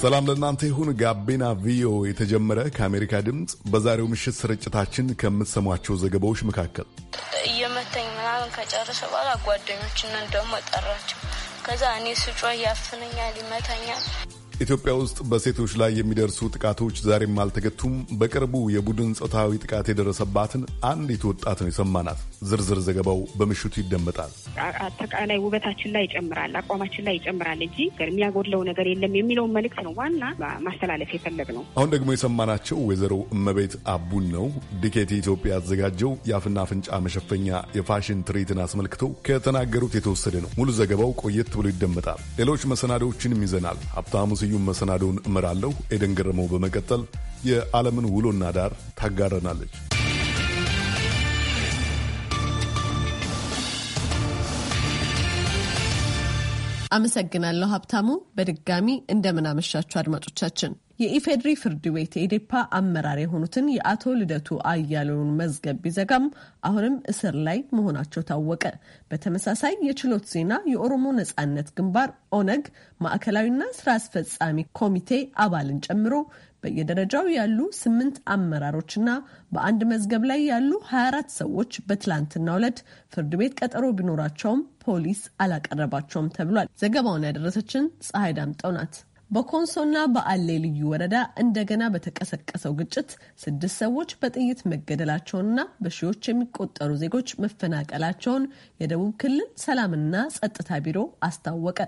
ሰላም ለእናንተ ይሁን። ጋቢና ቪኦኤ የተጀመረ ከአሜሪካ ድምፅ በዛሬው ምሽት ስርጭታችን ከምትሰሟቸው ዘገባዎች መካከል እየመተኝ ምናምን ከጨረሰ በኋላ ጓደኞችን ደግሞ ጠራቸው። ከዛ እኔ ስጮህ ያፍነኛል፣ ይመታኛል ኢትዮጵያ ውስጥ በሴቶች ላይ የሚደርሱ ጥቃቶች ዛሬም አልተገቱም። በቅርቡ የቡድን ጾታዊ ጥቃት የደረሰባትን አንዲት ወጣት ነው የሰማናት። ዝርዝር ዘገባው በምሽቱ ይደመጣል። አጠቃላይ ውበታችን ላይ ይጨምራል፣ አቋማችን ላይ ይጨምራል እንጂ የሚያጎድለው ነገር የለም የሚለውን መልእክት ነው ዋና ማስተላለፍ የፈለግ ነው። አሁን ደግሞ የሰማናቸው ወይዘሮ እመቤት አቡን ነው። ዲኬት ኢትዮጵያ ያዘጋጀው የአፍና አፍንጫ መሸፈኛ የፋሽን ትርኢትን አስመልክቶ ከተናገሩት የተወሰደ ነው። ሙሉ ዘገባው ቆየት ብሎ ይደመጣል። ሌሎች መሰናዶዎችንም ይዘናል። ሀብታሙ ስዩም መሰናዶውን እመራለሁ። ኤደን ገረመው በመቀጠል የዓለምን ውሎና ዳር ታጋረናለች። አመሰግናለሁ ሀብታሙ። በድጋሚ እንደምናመሻችሁ አድማጮቻችን። የኢፌዴሪ ፍርድ ቤት የኢዴፓ አመራር የሆኑትን የአቶ ልደቱ አያሌውን መዝገብ ቢዘጋም አሁንም እስር ላይ መሆናቸው ታወቀ። በተመሳሳይ የችሎት ዜና የኦሮሞ ነጻነት ግንባር ኦነግ ማዕከላዊና ስራ አስፈጻሚ ኮሚቴ አባልን ጨምሮ በየደረጃው ያሉ ስምንት አመራሮችና በአንድ መዝገብ ላይ ያሉ 24 ሰዎች በትላንትናው ዕለት ፍርድ ቤት ቀጠሮ ቢኖራቸውም ፖሊስ አላቀረባቸውም ተብሏል። ዘገባውን ያደረሰችን ፀሐይ ዳምጠው ናት። በኮንሶና በአሌ ልዩ ወረዳ እንደገና በተቀሰቀሰው ግጭት ስድስት ሰዎች በጥይት መገደላቸውንና በሺዎች የሚቆጠሩ ዜጎች መፈናቀላቸውን የደቡብ ክልል ሰላምና ጸጥታ ቢሮ አስታወቀ።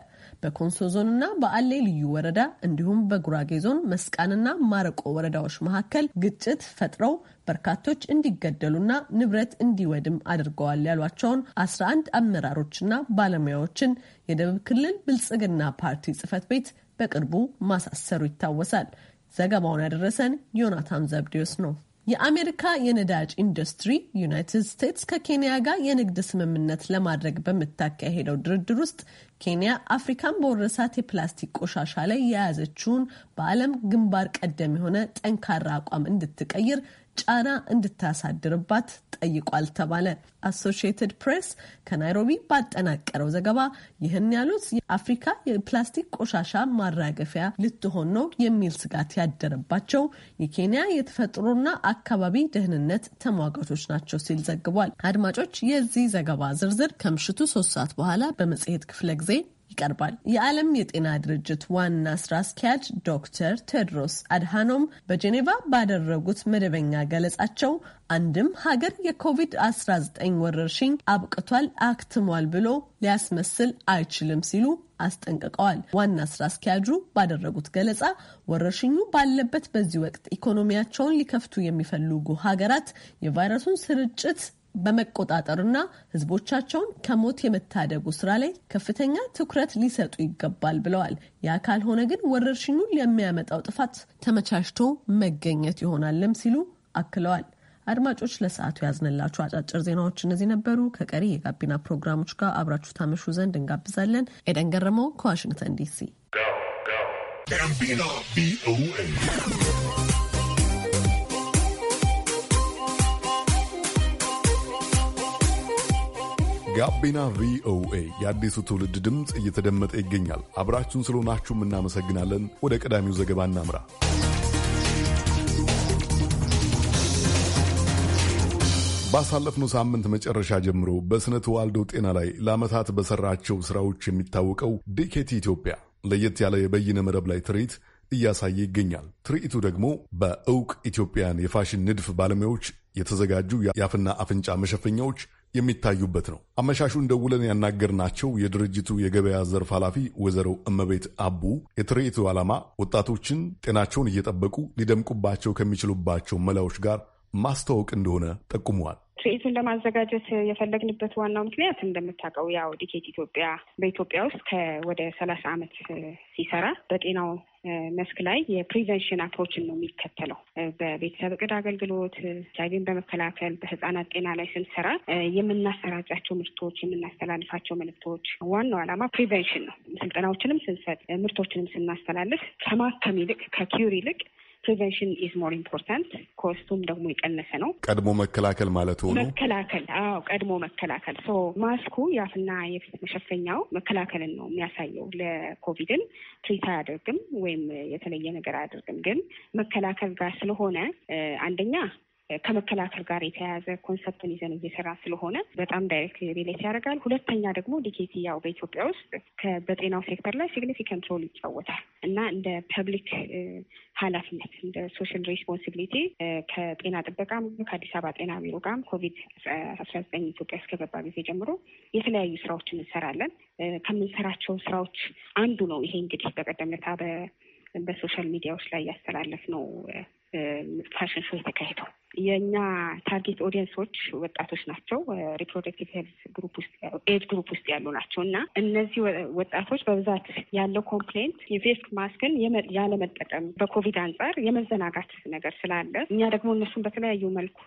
በኮንሶ ዞንና በአሌ ልዩ ወረዳ እንዲሁም በጉራጌ ዞን መስቃንና ማረቆ ወረዳዎች መካከል ግጭት ፈጥረው በርካቶች እንዲገደሉና ንብረት እንዲወድም አድርገዋል ያሏቸውን 11 አመራሮችና ባለሙያዎችን የደቡብ ክልል ብልጽግና ፓርቲ ጽህፈት ቤት በቅርቡ ማሳሰሩ ይታወሳል። ዘገባውን ያደረሰን ዮናታን ዘብዴዎስ ነው። የአሜሪካ የነዳጅ ኢንዱስትሪ ዩናይትድ ስቴትስ ከኬንያ ጋር የንግድ ስምምነት ለማድረግ በምታካሄደው ድርድር ውስጥ ኬንያ አፍሪካን በወረሳት የፕላስቲክ ቆሻሻ ላይ የያዘችውን በዓለም ግንባር ቀደም የሆነ ጠንካራ አቋም እንድትቀይር ጫና እንድታሳድርባት ጠይቋል ተባለ። አሶሺየትድ ፕሬስ ከናይሮቢ ባጠናቀረው ዘገባ ይህን ያሉት የአፍሪካ የፕላስቲክ ቆሻሻ ማራገፊያ ልትሆን ነው የሚል ስጋት ያደረባቸው የኬንያ የተፈጥሮና አካባቢ ደህንነት ተሟጋቾች ናቸው ሲል ዘግቧል። አድማጮች፣ የዚህ ዘገባ ዝርዝር ከምሽቱ ሶስት ሰዓት በኋላ በመጽሔት ክፍለ ጊዜ ጊዜ ይቀርባል። የዓለም የጤና ድርጅት ዋና ስራ አስኪያጅ ዶክተር ቴድሮስ አድሃኖም በጄኔቫ ባደረጉት መደበኛ ገለጻቸው አንድም ሀገር የኮቪድ-19 ወረርሽኝ አብቅቷል፣ አክትሟል ብሎ ሊያስመስል አይችልም ሲሉ አስጠንቅቀዋል። ዋና ስራ አስኪያጁ ባደረጉት ገለጻ ወረርሽኙ ባለበት በዚህ ወቅት ኢኮኖሚያቸውን ሊከፍቱ የሚፈልጉ ሀገራት የቫይረሱን ስርጭት በመቆጣጠርና ህዝቦቻቸውን ከሞት የመታደጉ ስራ ላይ ከፍተኛ ትኩረት ሊሰጡ ይገባል ብለዋል። ያ ካልሆነ ግን ወረርሽኙን ለሚያመጣው ጥፋት ተመቻችቶ መገኘት ይሆናልም ሲሉ አክለዋል። አድማጮች ለሰዓቱ ያዝንላችሁ አጫጭር ዜናዎች እነዚህ ነበሩ። ከቀሪ የጋቢና ፕሮግራሞች ጋር አብራችሁ ታመሹ ዘንድ እንጋብዛለን። ኤደን ገረመው ከዋሽንግተን ዲሲ ጋቢና ቪኦኤ የአዲሱ ትውልድ ድምፅ እየተደመጠ ይገኛል። አብራችሁን ስለሆናችሁም እናመሰግናለን። ወደ ቀዳሚው ዘገባ እናምራ። ባሳለፍነው ሳምንት መጨረሻ ጀምሮ በስነ ተዋልዶ ጤና ላይ ለዓመታት በሰራቸው ስራዎች የሚታወቀው ዲኬቲ ኢትዮጵያ ለየት ያለ የበይነ መረብ ላይ ትርኢት እያሳየ ይገኛል። ትርኢቱ ደግሞ በእውቅ ኢትዮጵያን የፋሽን ንድፍ ባለሙያዎች የተዘጋጁ የአፍና አፍንጫ መሸፈኛዎች የሚታዩበት ነው። አመሻሹን ደውለን ያናገርናቸው የድርጅቱ የገበያ ዘርፍ ኃላፊ ወይዘሮ እመቤት አቡ የትርኢቱ ዓላማ ወጣቶችን ጤናቸውን እየጠበቁ ሊደምቁባቸው ከሚችሉባቸው መላዎች ጋር ማስተዋወቅ እንደሆነ ጠቁመዋል። ትርኢቱን ለማዘጋጀት የፈለግንበት ዋናው ምክንያት እንደምታውቀው ያው ዲኬት ኢትዮጵያ በኢትዮጵያ ውስጥ ከወደ ሰላሳ ዓመት ሲሰራ በጤናው መስክ ላይ የፕሪቨንሽን አፕሮችን ነው የሚከተለው። በቤተሰብ እቅድ አገልግሎት ቻይቪን በመከላከል በህጻናት ጤና ላይ ስንሰራ የምናሰራጫቸው ምርቶች፣ የምናስተላልፋቸው መልክቶች ዋናው ዓላማ ፕሪቨንሽን ነው። ስልጠናዎችንም ስንሰጥ ምርቶችንም ስናስተላልፍ ከማከም ይልቅ ከኪዩር ይልቅ ፕሪቨንሽን ኢዝ ሞር ኢምፖርታንት፣ ኮስቱም ደግሞ የቀነሰ ነው። ቀድሞ መከላከል ማለት ሆኖ መከላከል። አዎ ቀድሞ መከላከል። ሶ ማስኩ የአፍና የፊት መሸፈኛው መከላከልን ነው የሚያሳየው። ለኮቪድን ትሪት አያደርግም ወይም የተለየ ነገር አያደርግም፣ ግን መከላከል ጋር ስለሆነ አንደኛ ከመከላከል ጋር የተያያዘ ኮንሰፕትን ይዘን እየሰራ ስለሆነ በጣም ዳይሬክት ሪሌት ያደርጋል። ሁለተኛ ደግሞ ዲኬቲ ያው በኢትዮጵያ ውስጥ በጤናው ሴክተር ላይ ሲግኒፊካንት ሮል ይጫወታል እና እንደ ፐብሊክ ኃላፊነት እንደ ሶሻል ሬስፖንሲቢሊቲ ከጤና ጥበቃ ከአዲስ አበባ ጤና ቢሮ ጋርም ኮቪድ አስራ ዘጠኝ ኢትዮጵያ እስከገባ ጊዜ ጀምሮ የተለያዩ ስራዎች እንሰራለን። ከምንሰራቸው ስራዎች አንዱ ነው ይሄ እንግዲህ በቀደም ለታ በሶሻል ሚዲያዎች ላይ ያስተላለፍ ነው ፋሽን ሾው የእኛ ታርጌት ኦዲየንሶች ወጣቶች ናቸው። ሪፕሮዳክቲቭ ሄልዝ ግሩፕ ውስጥ ኤጅ ግሩፕ ውስጥ ያሉ ናቸው እና እነዚህ ወጣቶች በብዛት ያለው ኮምፕሌንት የፌስክ ማስክን ያለመጠቀም በኮቪድ አንጻር የመዘናጋት ነገር ስላለ እኛ ደግሞ እነሱን በተለያዩ መልኩ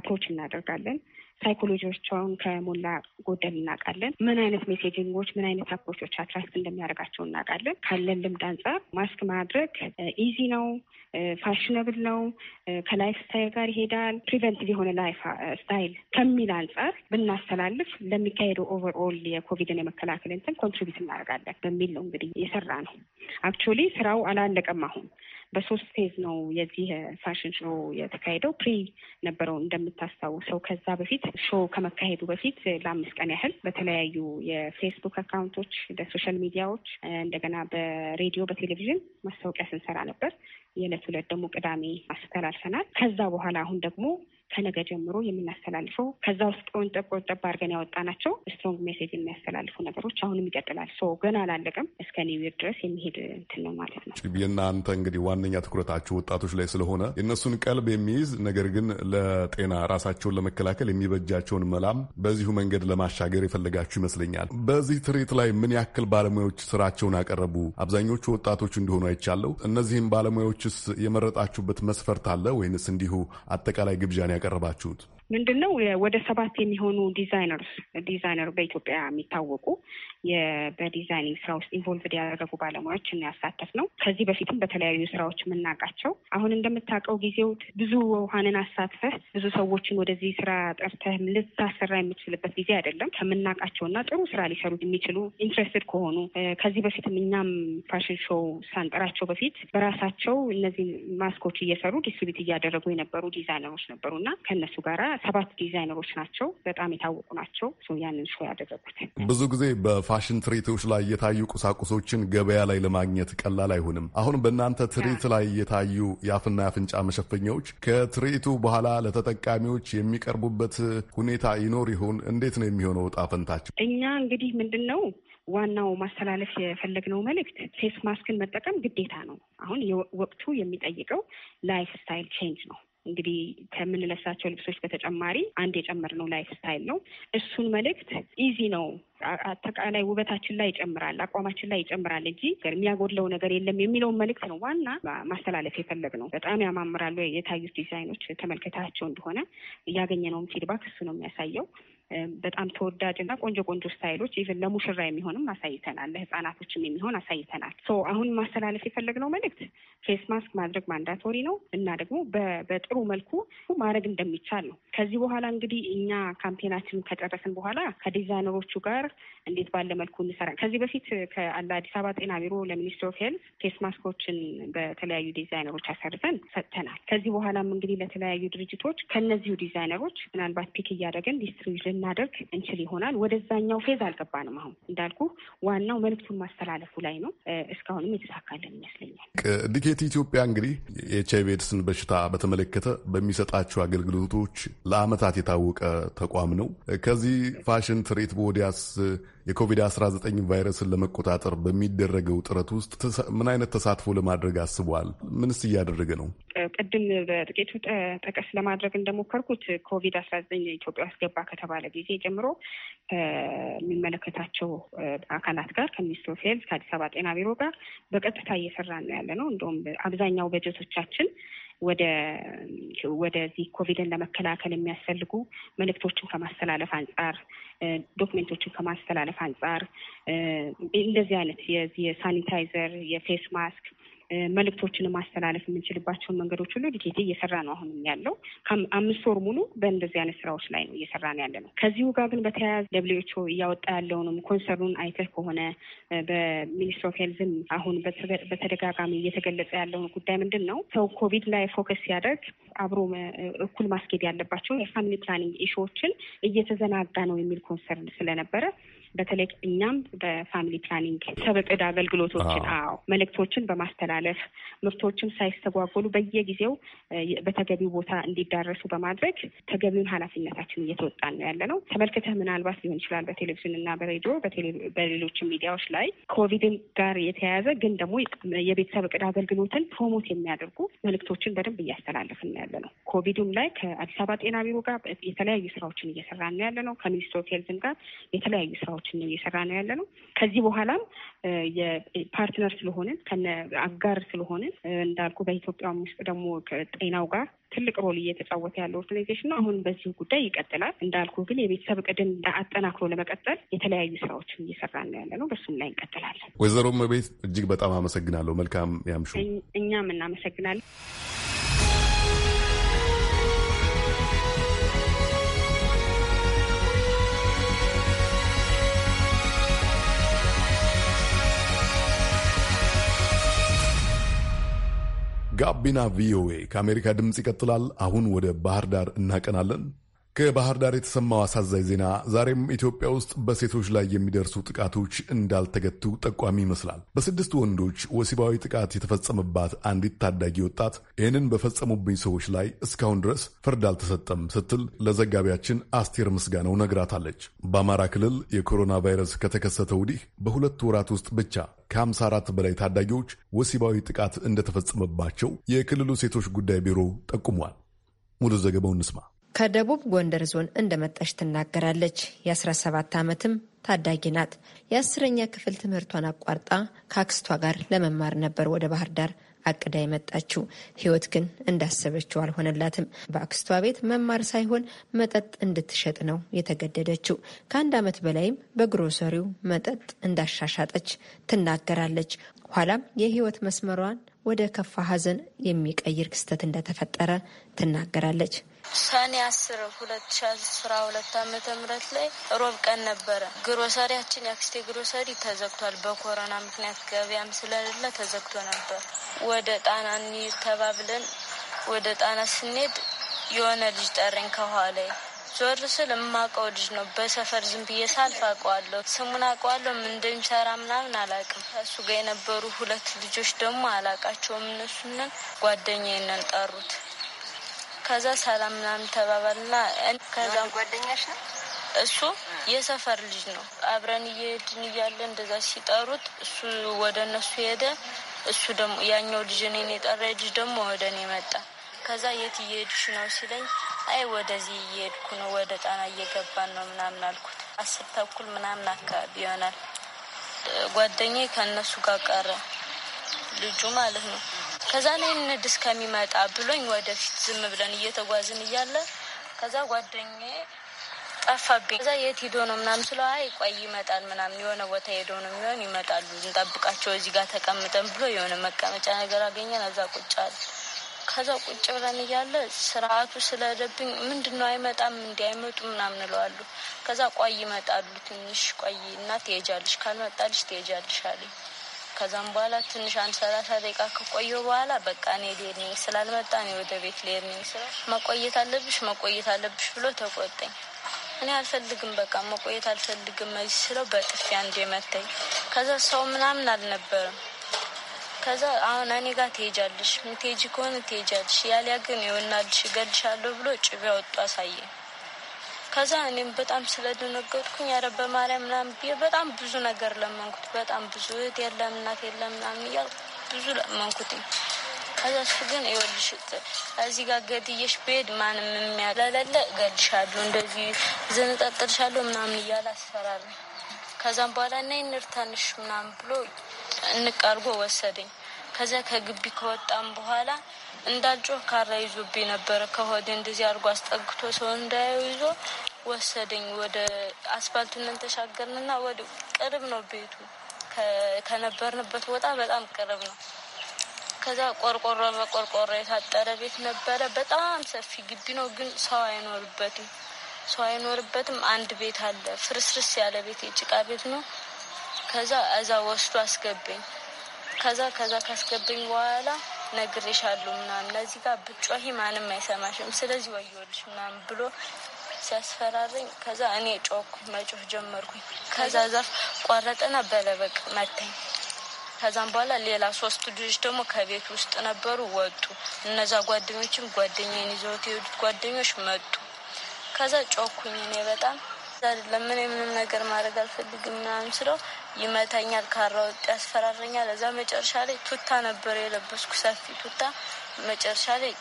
አፕሮች እናደርጋለን። ሳይኮሎጂዎች ከሞላ ጎደል እናውቃለን። ምን አይነት ሜሴጂንጎች፣ ምን አይነት አፕሮቾች አትራክት እንደሚያደርጋቸው እናውቃለን። ካለን ልምድ አንጻር ማስክ ማድረግ ኢዚ ነው፣ ፋሽነብል ነው፣ ከላይፍ ስታይል ጋር ይሄዳል፣ ፕሪቨንቲቭ የሆነ ላይፍ ስታይል ከሚል አንጻር ብናስተላልፍ ለሚካሄደው ኦቨርኦል የኮቪድን የመከላከል እንትን ኮንትሪቢዩት እናደርጋለን በሚል ነው እንግዲህ የሰራ ነው። አክቹዋሊ ስራው አላለቀም አሁን በሶስት ፌዝ ነው የዚህ ፋሽን ሾ የተካሄደው። ፕሪ ነበረው እንደምታስታውሰው። ከዛ በፊት ሾው ከመካሄዱ በፊት ለአምስት ቀን ያህል በተለያዩ የፌስቡክ አካውንቶች፣ በሶሻል ሚዲያዎች፣ እንደገና በሬዲዮ በቴሌቪዥን ማስታወቂያ ስንሰራ ነበር። የዕለት ሁለት ደግሞ ቅዳሜ አስተላልፈናል። ከዛ በኋላ አሁን ደግሞ ከነገ ጀምሮ የምናስተላልፈው ከዛ ውስጥ ቆንጠብ ቆንጠብ አድርገን ናቸው ስትሮንግ ሜሴጅ የሚያስተላልፉ ነገሮች አሁንም ይቀጥላል። ሶ ገና አላለቀም። እስከ ኒውዮርክ ድረስ የሚሄድ እንትን ነው ማለት ነው። የእናንተ እንግዲህ ዋነኛ ትኩረታችሁ ወጣቶች ላይ ስለሆነ የእነሱን ቀልብ የሚይዝ ነገር ግን ለጤና ራሳቸውን ለመከላከል የሚበጃቸውን መላም በዚሁ መንገድ ለማሻገር የፈለጋችሁ ይመስለኛል። በዚህ ትርኢት ላይ ምን ያክል ባለሙያዎች ስራቸውን አቀረቡ? አብዛኞቹ ወጣቶች እንዲሆኑ አይቻለሁ። እነዚህም ባለሙያዎችስ የመረጣችሁበት መስፈርት አለ ወይንስ እንዲሁ አጠቃላይ ግብዣን ያቀረባችሁት? ምንድን ነው ወደ ሰባት የሚሆኑ ዲዛይነርስ ዲዛይነር በኢትዮጵያ የሚታወቁ በዲዛይኒንግ ስራ ውስጥ ኢንቮልቭድ ያደረጉ ባለሙያዎች ያሳተፍ ነው። ከዚህ በፊትም በተለያዩ ስራዎች የምናውቃቸው አሁን እንደምታውቀው ጊዜው ብዙ ውሃንን አሳትፈህ ብዙ ሰዎችን ወደዚህ ስራ ጠርተህ ልታሰራ የምትችልበት ጊዜ አይደለም። እና ጥሩ ስራ ሊሰሩ የሚችሉ ኢንትረስትድ ከሆኑ ከዚህ በፊትም እኛም ፋሽን ሾው ሳንጠራቸው በፊት በራሳቸው እነዚህ ማስኮች እየሰሩ ዲስትሪቢት እያደረጉ የነበሩ ዲዛይነሮች ነበሩ እና ከእነሱ ጋራ ሰባት ዲዛይነሮች ናቸው። በጣም የታወቁ ናቸው። ያንን ሾ ያደረጉት ብዙ ጊዜ በፋሽን ትርኢቶች ላይ የታዩ ቁሳቁሶችን ገበያ ላይ ለማግኘት ቀላል አይሆንም። አሁን በእናንተ ትርኢት ላይ የታዩ የአፍና የአፍንጫ መሸፈኛዎች ከትርኢቱ በኋላ ለተጠቃሚዎች የሚቀርቡበት ሁኔታ ይኖር ይሆን? እንዴት ነው የሚሆነው ዕጣ ፈንታቸው? እኛ እንግዲህ ምንድን ነው ዋናው ማስተላለፍ የፈለግነው መልእክት ፌስ ማስክን መጠቀም ግዴታ ነው። አሁን ወቅቱ የሚጠይቀው ላይፍ ስታይል ቼንጅ ነው። እንግዲህ ከምንለብሳቸው ልብሶች በተጨማሪ አንድ የጨመርነው ላይፍ ስታይል ነው። እሱን መልእክት ኢዚ ነው። አጠቃላይ ውበታችን ላይ ይጨምራል፣ አቋማችን ላይ ይጨምራል እንጂ የሚያጎድለው ነገር የለም የሚለውን መልእክት ነው ዋና ማስተላለፍ የፈለግ ነው። በጣም ያማምራሉ የታዩት ዲዛይኖች ተመልከታቸው እንደሆነ እያገኘ ነውም ፊድባክ እሱ ነው የሚያሳየው። በጣም ተወዳጅ እና ቆንጆ ቆንጆ ስታይሎች ኢቨን ለሙሽራ የሚሆንም አሳይተናል። ለህፃናቶችም የሚሆን አሳይተናል። አሁን ማስተላለፍ የፈለግነው መልእክት ፌስ ማስክ ማድረግ ማንዳቶሪ ነው እና ደግሞ በጥሩ መልኩ ማድረግ እንደሚቻል ነው። ከዚህ በኋላ እንግዲህ እኛ ካምፔናችን ከጨረስን በኋላ ከዲዛይነሮቹ ጋር እንዴት ባለ መልኩ እንሰራ ከዚህ በፊት ከአዲስ አበባ ጤና ቢሮ ለሚኒስትር ኦፍ ሄልዝ ፌስ ማስኮችን በተለያዩ ዲዛይነሮች አሰርተን ሰጥተናል። ከዚህ በኋላም እንግዲህ ለተለያዩ ድርጅቶች ከነዚሁ ዲዛይነሮች ምናልባት ፒክ እያደረግን ዲስትሪቢሽን ልናደርግ እንችል ይሆናል። ወደዛኛው ፌዝ አልገባንም። አሁን እንዳልኩ ዋናው መልዕክቱን ማስተላለፉ ላይ ነው። እስካሁንም የተሳካልን ይመስለኛል። ዲኬት ኢትዮጵያ እንግዲህ የኤች አይቪ ኤድስን በሽታ በተመለከተ በሚሰጣቸው አገልግሎቶች ለአመታት የታወቀ ተቋም ነው። ከዚህ ፋሽን ትርኢት በወዲያስ የኮቪድ-19 ቫይረስን ለመቆጣጠር በሚደረገው ጥረት ውስጥ ምን አይነት ተሳትፎ ለማድረግ አስበዋል? ምንስ እያደረገ ነው? ቅድም በጥቂቱ ጠቀስ ለማድረግ እንደሞከርኩት ኮቪድ-19 ኢትዮጵያ ውስጥ ገባ ከተባለ ጊዜ ጀምሮ ከሚመለከታቸው አካላት ጋር ከሚኒስትሩ ኦፍ ሄልዝ ከአዲስ አበባ ጤና ቢሮ ጋር በቀጥታ እየሰራ ነው ያለ ነው። እንደውም አብዛኛው በጀቶቻችን ወደዚህ ኮቪድን ለመከላከል የሚያስፈልጉ መልእክቶችን ከማስተላለፍ አንጻር ዶክሜንቶችን ከማስተላለፍ አንጻር እንደዚህ አይነት የሳኒታይዘር የፌስ ማስክ መልእክቶችን ማስተላለፍ የምንችልባቸውን መንገዶች ሁሉ ዲኬቴ እየሰራ ነው። አሁንም ያለው አምስት ወር ሙሉ በእንደዚህ አይነት ስራዎች ላይ ነው እየሰራ ነው ያለ ነው። ከዚሁ ጋር ግን በተያያዘ ደብሊውኤችኦ እያወጣ ያለውንም ኮንሰርኑን አይተህ ከሆነ በሚኒስትር ኦፍ ሄልዝም አሁን በተደጋጋሚ እየተገለጸ ያለውን ጉዳይ ምንድን ነው ሰው ኮቪድ ላይ ፎከስ ሲያደርግ አብሮ እኩል ማስኬድ ያለባቸው የፋሚሊ ፕላኒንግ ኢሹዎችን እየተዘናጋ ነው የሚል ኮንሰርን ስለነበረ በተለይ እኛም በፋሚሊ ፕላኒንግ ሰብዕድ አገልግሎቶችን አዎ መልእክቶችን በማስተላለፍ ምርቶችን ሳይስተጓጎሉ በየጊዜው በተገቢው ቦታ እንዲዳረሱ በማድረግ ተገቢውን ኃላፊነታችን እየተወጣ ነው ያለ ነው። ተመልክተህ ምናልባት ሊሆን ይችላል በቴሌቪዥን እና በሬዲዮ በሌሎች ሚዲያዎች ላይ ኮቪድን ጋር የተያያዘ ግን ደግሞ የቤተሰብ እቅድ አገልግሎትን ፕሮሞት የሚያደርጉ መልእክቶችን በደንብ እያስተላለፍን ነው ያለ ነው። ኮቪድም ላይ ከአዲስ አበባ ጤና ቢሮ ጋር የተለያዩ ስራዎችን እየሰራ ነው ያለ ነው። ከሚኒስትር ኦፍ ሄልዝም ጋር የተለያዩ ስራዎች ስራዎችን ነው እየሰራ ነው ያለ ነው። ከዚህ በኋላም የፓርትነር ስለሆንን ከነ አጋር ስለሆንን እንዳልኩ በኢትዮጵያም ውስጥ ደግሞ ከጤናው ጋር ትልቅ ሮል እየተጫወተ ያለው ኦርጋናይዜሽን ነው። አሁን በዚህ ጉዳይ ይቀጥላል። እንዳልኩ ግን የቤተሰብ ቅድም አጠናክሮ ለመቀጠል የተለያዩ ስራዎችን እየሰራ ነው ያለ ነው። በሱም ላይ እንቀጥላለን። ወይዘሮ መቤት እጅግ በጣም አመሰግናለሁ። መልካም ያምሹ። እኛም እናመሰግናለን። ጋቢና ቪኦኤ ከአሜሪካ ድምፅ ይቀጥላል። አሁን ወደ ባህር ዳር እናቀናለን። ከባህር ዳር የተሰማው አሳዛኝ ዜና ዛሬም ኢትዮጵያ ውስጥ በሴቶች ላይ የሚደርሱ ጥቃቶች እንዳልተገቱ ጠቋሚ ይመስላል። በስድስት ወንዶች ወሲባዊ ጥቃት የተፈጸመባት አንዲት ታዳጊ ወጣት ይህንን በፈጸሙብኝ ሰዎች ላይ እስካሁን ድረስ ፍርድ አልተሰጠም ስትል ለዘጋቢያችን አስቴር ምስጋናው ነግራታለች። በአማራ ክልል የኮሮና ቫይረስ ከተከሰተ ወዲህ በሁለት ወራት ውስጥ ብቻ ከ54 በላይ ታዳጊዎች ወሲባዊ ጥቃት እንደተፈጸመባቸው የክልሉ ሴቶች ጉዳይ ቢሮ ጠቁሟል። ሙሉ ዘገባውን እንስማ። ከደቡብ ጎንደር ዞን እንደመጣች ትናገራለች። የ17 ዓመትም ታዳጊ ናት። የአስረኛ ክፍል ትምህርቷን አቋርጣ ከአክስቷ ጋር ለመማር ነበር ወደ ባህር ዳር አቅዳ የመጣችው። ህይወት ግን እንዳሰበችው አልሆነላትም። በአክስቷ ቤት መማር ሳይሆን መጠጥ እንድትሸጥ ነው የተገደደችው። ከአንድ ዓመት በላይም በግሮሰሪው መጠጥ እንዳሻሻጠች ትናገራለች። ኋላም የህይወት መስመሯን ወደ ከፋ ሀዘን የሚቀይር ክስተት እንደተፈጠረ ትናገራለች። ሰኔ አስር ሁለት ሺ አስራ ሁለት አመተ ምህረት ላይ ሮብ ቀን ነበረ። ግሮሰሪያችን የአክስቴ ግሮሰሪ ተዘግቷል። በኮሮና ምክንያት ገበያም ስለሌለ ተዘግቶ ነበር። ወደ ጣና እንሂድ ተባብለን ወደ ጣና ስንሄድ የሆነ ልጅ ጠረኝ ከኋላ ዞር ስል የማውቀው ልጅ ነው። በሰፈር ዝም ብዬ ሳልፍ አውቀዋለሁ። ስሙን አውቀዋለሁ። ምን እንደሚሰራ ምናምን አላውቅም። ከሱ ጋር የነበሩ ሁለት ልጆች ደግሞ አላውቃቸውም። ጓደኛ ጓደኛዬን ጠሩት። ከዛ ሰላም ምናምን ተባባልና ከዛ ጓደኛሽ ነው እሱ የሰፈር ልጅ ነው። አብረን እየሄድን እያለ እንደዛ ሲጠሩት እሱ ወደ እነሱ ሄደ። እሱ ደግሞ ያኛው ልጅ እኔን የጠራ ልጅ ደግሞ ወደ እኔ መጣ። ከዛ የት እየሄድሽ ነው ሲለኝ አይ ወደዚህ እየሄድኩ ነው፣ ወደ ጣና እየገባን ነው ምናምን አልኩት። አስር ተኩል ምናምን አካባቢ ይሆናል። ጓደኛ ከእነሱ ጋር ቀረ ልጁ ማለት ነው። ከዛ ላይ ንድ እስከሚመጣ ብሎኝ ወደፊት ዝም ብለን እየተጓዝን እያለ ከዛ ጓደኛ ጠፋብኝ። ከዛ የት ሄዶ ነው ምናምን ስለ አይ ቆይ ይመጣል ምናምን የሆነ ቦታ ሄዶ ነው የሚሆን ይመጣሉ፣ እንጠብቃቸው እዚህ ጋር ተቀምጠን ብሎ የሆነ መቀመጫ ነገር አገኘን። እዛ ቁጭ አለ። ከዛ ቁጭ ብለን እያለ ስርዓቱ ስለደብኝ ምንድን ነው አይመጣም እንዲ አይመጡ ምናምን እለዋሉ። ከዛ ቆይ ይመጣሉ፣ ትንሽ ቆይ እና ትሄጃለሽ፣ ካልመጣልሽ ትሄጃለሽ አለኝ። ከዛም በኋላ ትንሽ አንድ ሰላሳ ደቂቃ ከቆየሁ በኋላ በቃ እኔ ልሄድ ነኝ ስላልመጣ እኔ ወደ ቤት ልሄድ ነኝ ስለ መቆየት አለብሽ መቆየት አለብሽ ብሎ ተቆጠኝ። እኔ አልፈልግም በቃ መቆየት አልፈልግም መዚህ ስለው በጥፊ አንድ የመታኝ። ከዛ ሰው ምናምን አልነበረም። ከዛ አሁን እኔ ጋር ትሄጃለሽ፣ ምትሄጂ ከሆነ ትሄጃለሽ፣ ያሊያ ግን የሆናልሽ እገልሻለሁ ብሎ ጭቤ ወጡ አሳየኝ። ከዛ እኔም በጣም ስለደነገጥኩኝ ያረ በማርያም ምናምን ብዬ በጣም ብዙ ነገር ለመንኩት። በጣም ብዙ እህት የለም እናት የለም ምናምን እያል ብዙ ለመንኩትኝ። ከዛ እሱ ግን ይኸውልሽ እዚህ ጋር ገድየሽ ብሄድ ማንም የሚያለለለ እገልሻለሁ፣ እንደዚህ ዘንጠጥልሻለሁ ምናምን እያለ አስፈራራኝ። ከዛም በኋላ እና ይንርታንሽ ምናምን ብሎ እንቃርጎ ወሰደኝ። ከዚያ ከግቢ ከወጣም በኋላ እንዳልጮህ ካራ ይዞብኝ ነበረ። ከሆዴ እንደዚህ አድርጎ አስጠግቶ ሰው እንዳያዩ ይዞ ወሰደኝ። ወደ አስፋልቱን ተሻገርንና ወደ ቅርብ ነው ቤቱ ከነበርንበት ቦታ በጣም ቅርብ ነው። ከዛ ቆርቆሮ በቆርቆሮ የታጠረ ቤት ነበረ። በጣም ሰፊ ግቢ ነው፣ ግን ሰው አይኖርበትም። ሰው አይኖርበትም። አንድ ቤት አለ፣ ፍርስርስ ያለ ቤት፣ የጭቃ ቤት ነው። ከዛ እዛ ወስዶ አስገባኝ። ከዛ ከዛ ካስገብኝ በኋላ ነግሬሻለሁ ምናምን እነዚህ ጋር ብጮሂ ማንም አይሰማሽም፣ ስለዚህ ወየወልሽ ምናምን ብሎ ሲያስፈራረኝ፣ ከዛ እኔ ጮኩ፣ መጮህ ጀመርኩኝ። ከዛ ዛፍ ቋረጠና በለበቅ መታኝ። ከዛም በኋላ ሌላ ሶስት ልጆች ደግሞ ከቤት ውስጥ ነበሩ ወጡ። እነዛ ጓደኞችም ጓደኛዬን ይዘውት የሄዱት ጓደኞች መጡ። ከዛ ጮኩኝ እኔ በጣም አይደለም ምን የምንም ነገር ማድረግ አልፈልግም ምናምን ስለው ይመታኛል፣ ካራውጥ ያስፈራረኛል። እዛ መጨረሻ ላይ ቱታ ነበር የለበስኩ ሰፊ ቱታ። መጨረሻ ላይ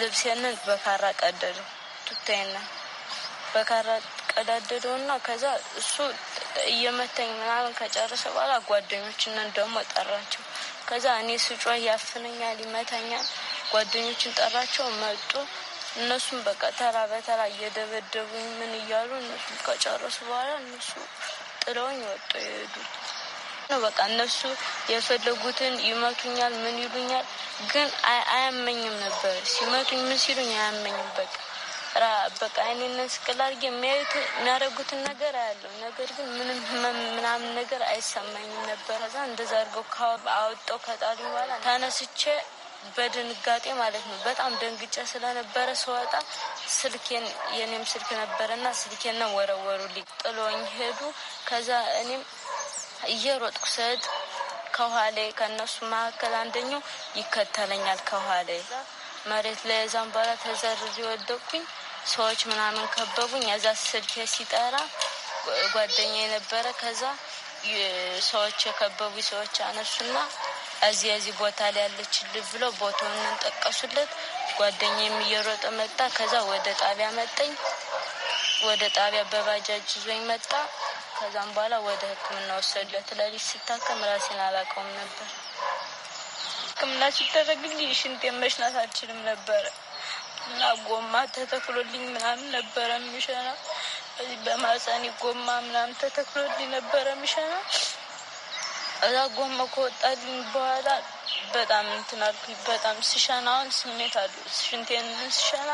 ልብሴንን በካራ ቀደደው፣ ቱታዬን በካራ ቀዳደደውና ከዛ እሱ እየመታኝ ምናምን ከጨረሰ በኋላ ጓደኞችንን ደግሞ ጠራቸው። ከዛ እኔ ስጮህ ያፍነኛል፣ ይመታኛል። ጓደኞችን ጠራቸው መጡ። እነሱም በቃ ተራ በተራ እየደበደቡ ምን እያሉ እነሱ በቃ ጨረሱ። በኋላ እነሱ ጥለውኝ ወጡ ይሄዱ ነው በቃ እነሱ የፈለጉትን ይመቱኛል፣ ምን ይሉኛል፣ ግን አያመኝም ነበር። ሲመቱኝ ምን ሲሉኝ አያመኝም። በቃ በቃ እኔን ስቅል አድርጌ የሚያዩት የሚያደርጉትን ነገር አያለው፣ ነገር ግን ምንም ምናምን ነገር አይሰማኝም ነበር። ዛ እንደዛ አድርገው አወጣው ከጣሉ በኋላ ተነስቼ በድንጋጤ ማለት ነው። በጣም ደንግጬ ስለነበረ ስወጣ ስልኬን የኔም ስልክ ነበረ ነበረና ስልኬን ወረወሩልኝ፣ ጥሎኝ ሄዱ። ከዛ እኔም እየሮጥኩ ስሄድ ከኋላ ከእነሱ መካከል አንደኛው ይከተለኛል። ከኋላ መሬት ላይ የዛምባላ ተዘርሬ ወደቅኩኝ። ሰዎች ምናምን ከበቡኝ። እዛ ስልኬ ሲጠራ ጓደኛ የነበረ ከዛ ሰዎች የከበቡ ሰዎች አነሱና እዚህ እዚህ ቦታ ላይ ያለችልህ ብሎ ቦታውን እንጠቀሱለት ጓደኛ የሚየሮጠ መጣ። ከዛ ወደ ጣቢያ መጠኝ ወደ ጣቢያ በባጃጅ ይዞኝ መጣ። ከዛም በኋላ ወደ ሕክምና ወሰዱለት። ለሊት ስታከም ራሴን አላውቀውም ነበር። ሕክምና ሲደረግልኝ ሽንት መሽናት አልችልም ነበረ እና ጎማ ተተክሎልኝ ምናምን ነበረ የሚሸና በማህፀኔ ጎማ ምናምን ተተክሎልኝ ነበረ የሚሸና እዛ ጎማ ከወጣልኝ በኋላ በጣም እንትን አልኩኝ። በጣም ስሸና አሁን ስሜት አሉ ሽንቴን ስሸና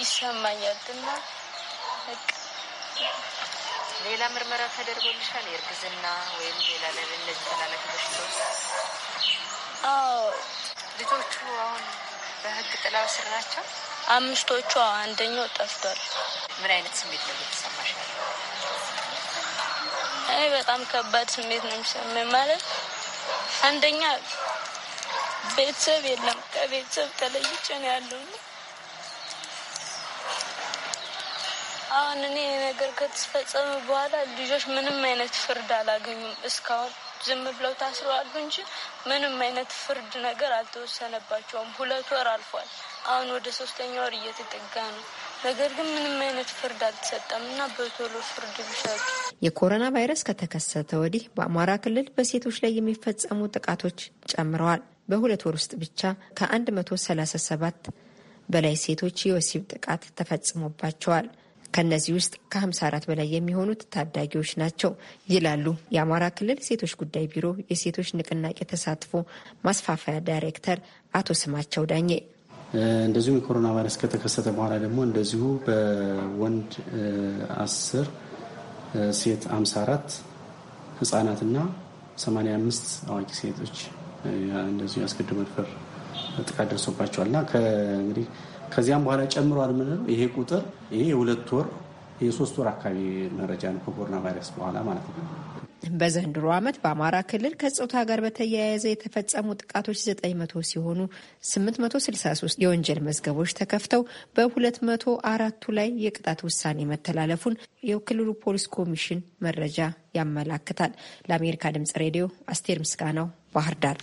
ይሰማኛል። ና ሌላ ምርመራ ተደርጎልሻል? የእርግዝና ወይም ሌላ እነዚህ ተላላፊ በሽታዎች? አዎ። ልጆቹ አሁን በህግ ጥላ ስር ናቸው? አምስቶቹ። አንደኛው ጠፍቷል። ምን አይነት ስሜት ነው የተሰማሽ? እኔ በጣም ከባድ ስሜት ነው የሚሰማኝ። ማለት አንደኛ ቤተሰብ የለም፣ ከቤተሰብ ተለይቼ ነው ያለው። አሁን እኔ ነገር ከተፈጸመ በኋላ ልጆች ምንም አይነት ፍርድ አላገኙም። እስካሁን ዝም ብለው ታስረዋሉ እንጂ ምንም አይነት ፍርድ ነገር አልተወሰነባቸውም። ሁለት ወር አልፏል። አሁን ወደ ሶስተኛ ወር እየተጠጋ ነው። ነገር ግን ምንም አይነት ፍርድ አልተሰጠም በቶሎ ፍርድ ቢሰጡ። የኮሮና ቫይረስ ከተከሰተ ወዲህ በአማራ ክልል በሴቶች ላይ የሚፈጸሙ ጥቃቶች ጨምረዋል። በሁለት ወር ውስጥ ብቻ ከ137 በላይ ሴቶች የወሲብ ጥቃት ተፈጽሞባቸዋል። ከእነዚህ ውስጥ ከ54 በላይ የሚሆኑት ታዳጊዎች ናቸው ይላሉ የአማራ ክልል ሴቶች ጉዳይ ቢሮ የሴቶች ንቅናቄ ተሳትፎ ማስፋፋያ ዳይሬክተር አቶ ስማቸው ዳኜ። እንደዚሁም የኮሮና ቫይረስ ከተከሰተ በኋላ ደግሞ እንደዚሁ በወንድ አስር ሴት 54 ህጻናትና አምስት አዋቂ ሴቶች እንደዚሁ ያስገድዶ መድፈር ጥቃት ደርሶባቸዋልና እንግዲህ ከዚያም በኋላ ጨምሯል ምንለው ይሄ ቁጥር ይሄ የሁለት ወር የሶስት ወር አካባቢ መረጃ ነው ከኮሮና ቫይረስ በኋላ ማለት ነው። በዘንድሮ ዓመት በአማራ ክልል ከጾታ ጋር በተያያዘ የተፈጸሙ ጥቃቶች 900 ሲሆኑ 863 የወንጀል መዝገቦች ተከፍተው በ204ቱ ላይ የቅጣት ውሳኔ መተላለፉን የክልሉ ፖሊስ ኮሚሽን መረጃ ያመላክታል። ለአሜሪካ ድምጽ ሬዲዮ አስቴር ምስጋናው ባህር ዳር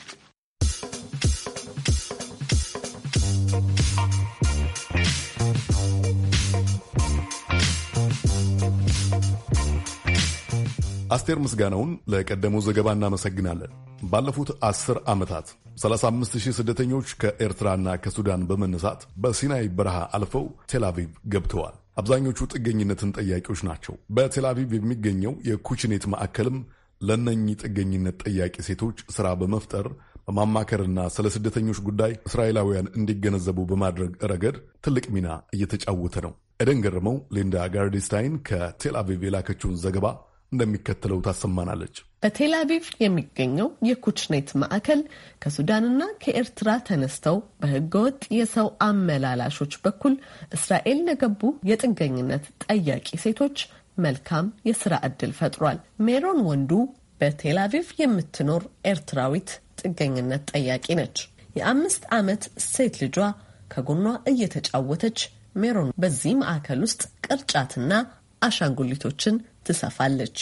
አስቴር ምስጋናውን ለቀደመው ዘገባ እናመሰግናለን። ባለፉት አስር ዓመታት 35000 ስደተኞች ከኤርትራና ከሱዳን በመነሳት በሲናይ በረሃ አልፈው ቴልአቪቭ ገብተዋል። አብዛኞቹ ጥገኝነትን ጠያቂዎች ናቸው። በቴልአቪቭ የሚገኘው የኩችኔት ማዕከልም ለእነኚህ ጥገኝነት ጠያቂ ሴቶች ሥራ በመፍጠር በማማከርና ስለ ስደተኞች ጉዳይ እስራኤላውያን እንዲገነዘቡ በማድረግ ረገድ ትልቅ ሚና እየተጫወተ ነው። ኤደን ገረመው ሊንዳ ጋርዲስታይን ከቴልአቪቭ የላከችውን ዘገባ እንደሚከተለው ታሰማናለች። በቴል አቪቭ የሚገኘው የኩችኔት ማዕከል ከሱዳንና ከኤርትራ ተነስተው በህገወጥ የሰው አመላላሾች በኩል እስራኤል ለገቡ የጥገኝነት ጠያቂ ሴቶች መልካም የስራ ዕድል ፈጥሯል። ሜሮን ወንዱ በቴል አቪቭ የምትኖር ኤርትራዊት ጥገኝነት ጠያቂ ነች። የአምስት ዓመት ሴት ልጇ ከጎኗ እየተጫወተች ሜሮን በዚህ ማዕከል ውስጥ ቅርጫትና አሻንጉሊቶችን ትሰፋለች።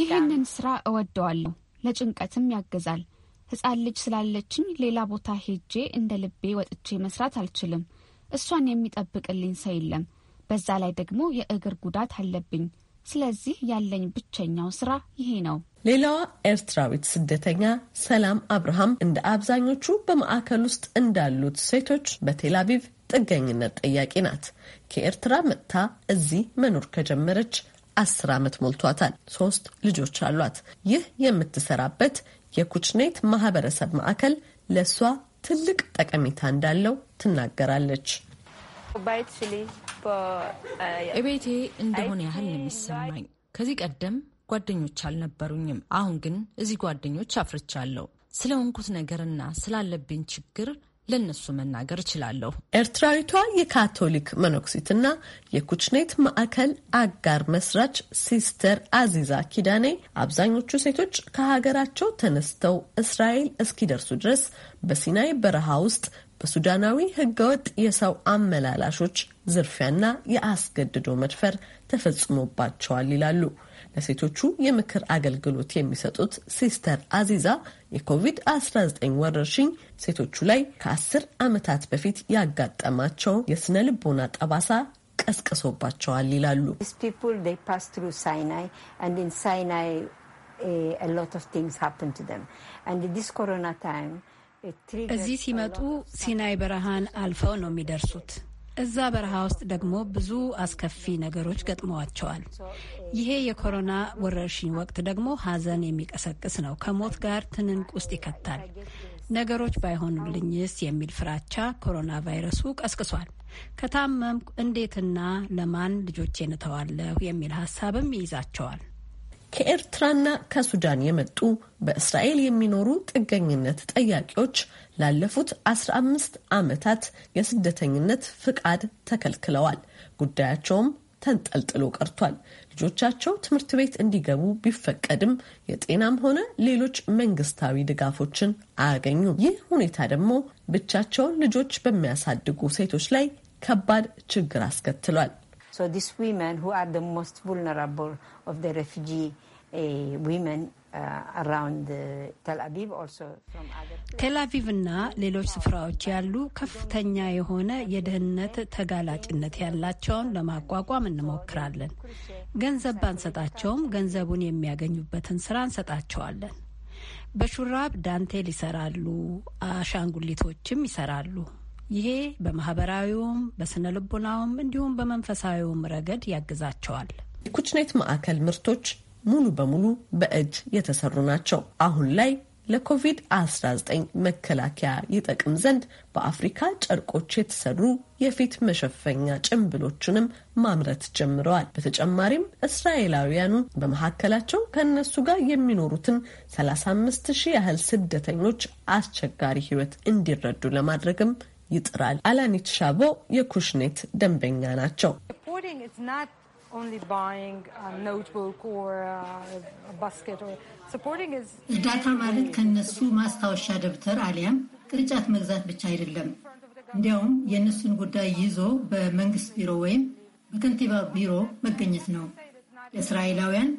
ይህንን ስራ እወደዋለሁ። ለጭንቀትም ያግዛል። ህጻን ልጅ ስላለችኝ ሌላ ቦታ ሄጄ እንደ ልቤ ወጥቼ መስራት አልችልም። እሷን የሚጠብቅልኝ ሰው የለም። በዛ ላይ ደግሞ የእግር ጉዳት አለብኝ። ስለዚህ ያለኝ ብቸኛው ስራ ይሄ ነው። ሌላዋ ኤርትራዊት ስደተኛ ሰላም አብርሃም እንደ አብዛኞቹ በማዕከል ውስጥ እንዳሉት ሴቶች በቴል አቪቭ ጥገኝነት ጠያቂ ናት። ከኤርትራ መጥታ እዚህ መኖር ከጀመረች አስር ዓመት ሞልቷታል። ሶስት ልጆች አሏት። ይህ የምትሰራበት የኩችኔት ማህበረሰብ ማዕከል ለእሷ ትልቅ ጠቀሜታ እንዳለው ትናገራለች። እቤቴ እንደሆነ ያህል ነው የሚሰማኝ። ከዚህ ቀደም ጓደኞች አልነበሩኝም። አሁን ግን እዚህ ጓደኞች አፍርቻለሁ። ስለ ሆንኩት ነገርና ስላለብኝ ችግር ለነሱ መናገር እችላለሁ። ኤርትራዊቷ የካቶሊክ መነኩሲትና የኩችኔት ማዕከል አጋር መስራች ሲስተር አዚዛ ኪዳኔ አብዛኞቹ ሴቶች ከሀገራቸው ተነስተው እስራኤል እስኪደርሱ ድረስ በሲናይ በረሃ ውስጥ በሱዳናዊ ህገወጥ የሰው አመላላሾች ዝርፊያና የአስገድዶ መድፈር ተፈጽሞባቸዋል ይላሉ። ለሴቶቹ የምክር አገልግሎት የሚሰጡት ሲስተር አዚዛ የኮቪድ-19 ወረርሽኝ ሴቶቹ ላይ ከአስር ዓመታት በፊት ያጋጠማቸው የስነ ልቦና ጠባሳ ቀስቅሶባቸዋል ይላሉ። eh, እዚህ ሲመጡ ሲናይ በረሃን አልፈው ነው የሚደርሱት። እዛ በረሃ ውስጥ ደግሞ ብዙ አስከፊ ነገሮች ገጥመዋቸዋል። ይሄ የኮሮና ወረርሽኝ ወቅት ደግሞ ሀዘን የሚቀሰቅስ ነው። ከሞት ጋር ትንንቅ ውስጥ ይከታል። ነገሮች ባይሆኑልኝስ የሚል ፍራቻ ኮሮና ቫይረሱ ቀስቅሷል። ከታመምኩ እንዴትና ለማን ልጆቼን እተዋለሁ የሚል ሀሳብም ይይዛቸዋል። ከኤርትራና ከሱዳን የመጡ በእስራኤል የሚኖሩ ጥገኝነት ጠያቂዎች ላለፉት 15 ዓመታት የስደተኝነት ፍቃድ ተከልክለዋል። ጉዳያቸውም ተንጠልጥሎ ቀርቷል። ልጆቻቸው ትምህርት ቤት እንዲገቡ ቢፈቀድም የጤናም ሆነ ሌሎች መንግስታዊ ድጋፎችን አያገኙም። ይህ ሁኔታ ደግሞ ብቻቸውን ልጆች በሚያሳድጉ ሴቶች ላይ ከባድ ችግር አስከትሏል። So these women who are the most vulnerable of the refugee ቴልአቪቭና eh, eh, ሌሎች ስፍራዎች ያሉ ከፍተኛ የሆነ የደህንነት ተጋላጭነት ያላቸውን ለማቋቋም እንሞክራለን። ገንዘብ ባንሰጣቸውም ገንዘቡን የሚያገኙበትን ስራ እንሰጣቸዋለን። በሹራብ ዳንቴል ይሰራሉ፣ አሻንጉሊቶችም ይሰራሉ። ይሄ በማህበራዊውም በስነ ልቦናውም እንዲሁም በመንፈሳዊውም ረገድ ያግዛቸዋል። የኩችኔት ማዕከል ምርቶች ሙሉ በሙሉ በእጅ የተሰሩ ናቸው። አሁን ላይ ለኮቪድ-19 መከላከያ ይጠቅም ዘንድ በአፍሪካ ጨርቆች የተሰሩ የፊት መሸፈኛ ጭንብሎችንም ማምረት ጀምረዋል። በተጨማሪም እስራኤላውያኑ በመካከላቸው ከእነሱ ጋር የሚኖሩትን 35 ሺህ ያህል ስደተኞች አስቸጋሪ ሕይወት እንዲረዱ ለማድረግም ይጥራል። አላኒት ሻቦ የኩሽኔት ደንበኛ ናቸው። እርዳታ ማለት ከነሱ ማስታወሻ ደብተር አሊያም ቅርጫት መግዛት ብቻ አይደለም። እንዲያውም የእነሱን ጉዳይ ይዞ በመንግስት ቢሮ ወይም በከንቲባ ቢሮ መገኘት ነው። ለእስራኤላውያን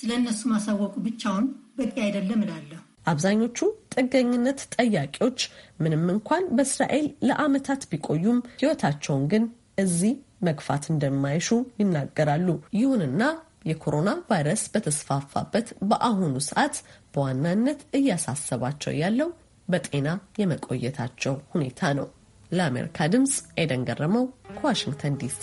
ስለ እነሱ ማሳወቁ ብቻውን በቂ አይደለም እላለሁ። አብዛኞቹ ጥገኝነት ጠያቂዎች ምንም እንኳን በእስራኤል ለዓመታት ቢቆዩም ሕይወታቸውን ግን እዚህ መግፋት እንደማይሹ ይናገራሉ። ይሁንና የኮሮና ቫይረስ በተስፋፋበት በአሁኑ ሰዓት በዋናነት እያሳሰባቸው ያለው በጤና የመቆየታቸው ሁኔታ ነው። ለአሜሪካ ድምፅ ኤደን ገረመው ከዋሽንግተን ዲሲ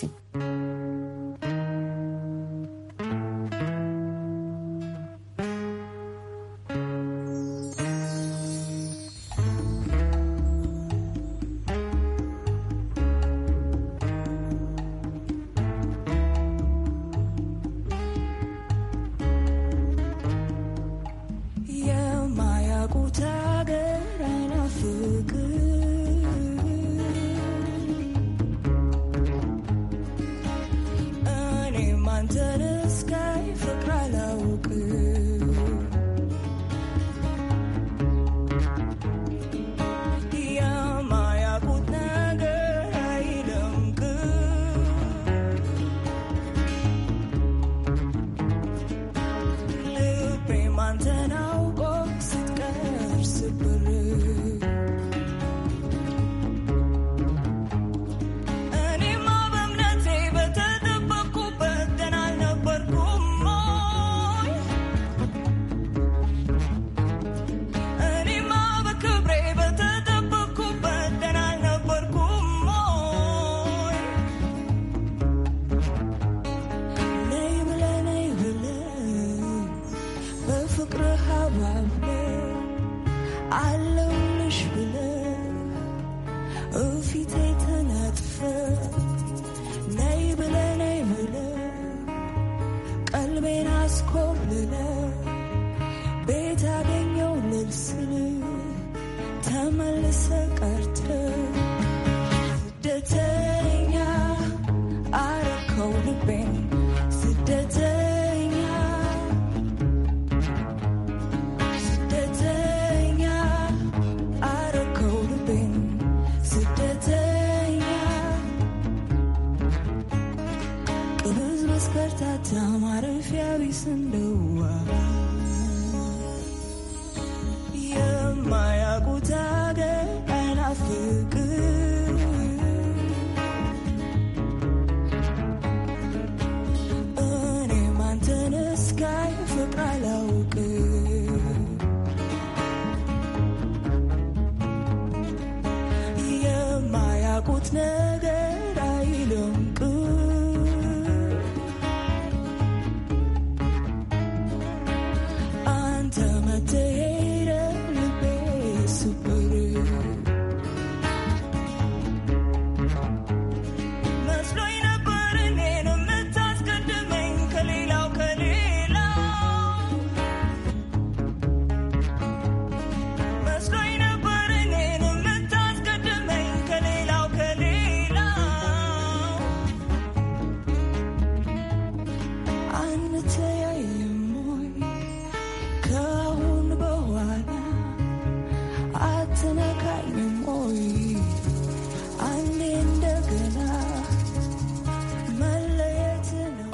አስከርታታ ማረፊያ ቢስ እንደዋ የማያውቁታ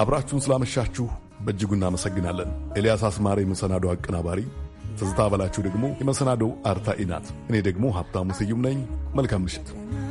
አብራችሁን ስላመሻችሁ በእጅጉ እናመሰግናለን። ኤልያስ አስማሪ የመሰናዶ አቀናባሪ፣ ትዝታ በላችሁ ደግሞ የመሰናዶው አርታኢ ናት። እኔ ደግሞ ሀብታሙ ስዩም ነኝ። መልካም ምሽት።